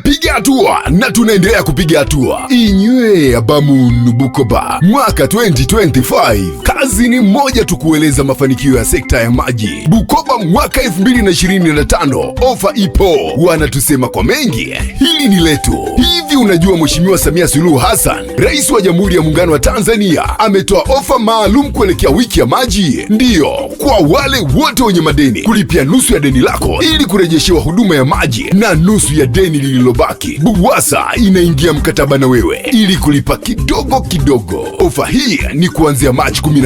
tumepiga hatua na tunaendelea kupiga hatua. Inywe Abamun Bukoba mwaka 2025 kazi ni moja tu, kueleza mafanikio ya sekta ya maji Bukoba mwaka 2025. Ofa ipo, wanatusema kwa mengi, hili ni letu. Hivi unajua Mheshimiwa Samia Suluhu Hassan, Rais wa Jamhuri ya Muungano wa Tanzania, ametoa ofa maalum kuelekea wiki ya maji. Ndiyo, kwa wale wote wenye madeni, kulipia nusu ya deni lako ili kurejeshewa huduma ya maji na nusu ya deni lililobaki. BUWASA inaingia mkataba na wewe ili kulipa kidogo kidogo. Ofa hii ni kuanzia Machi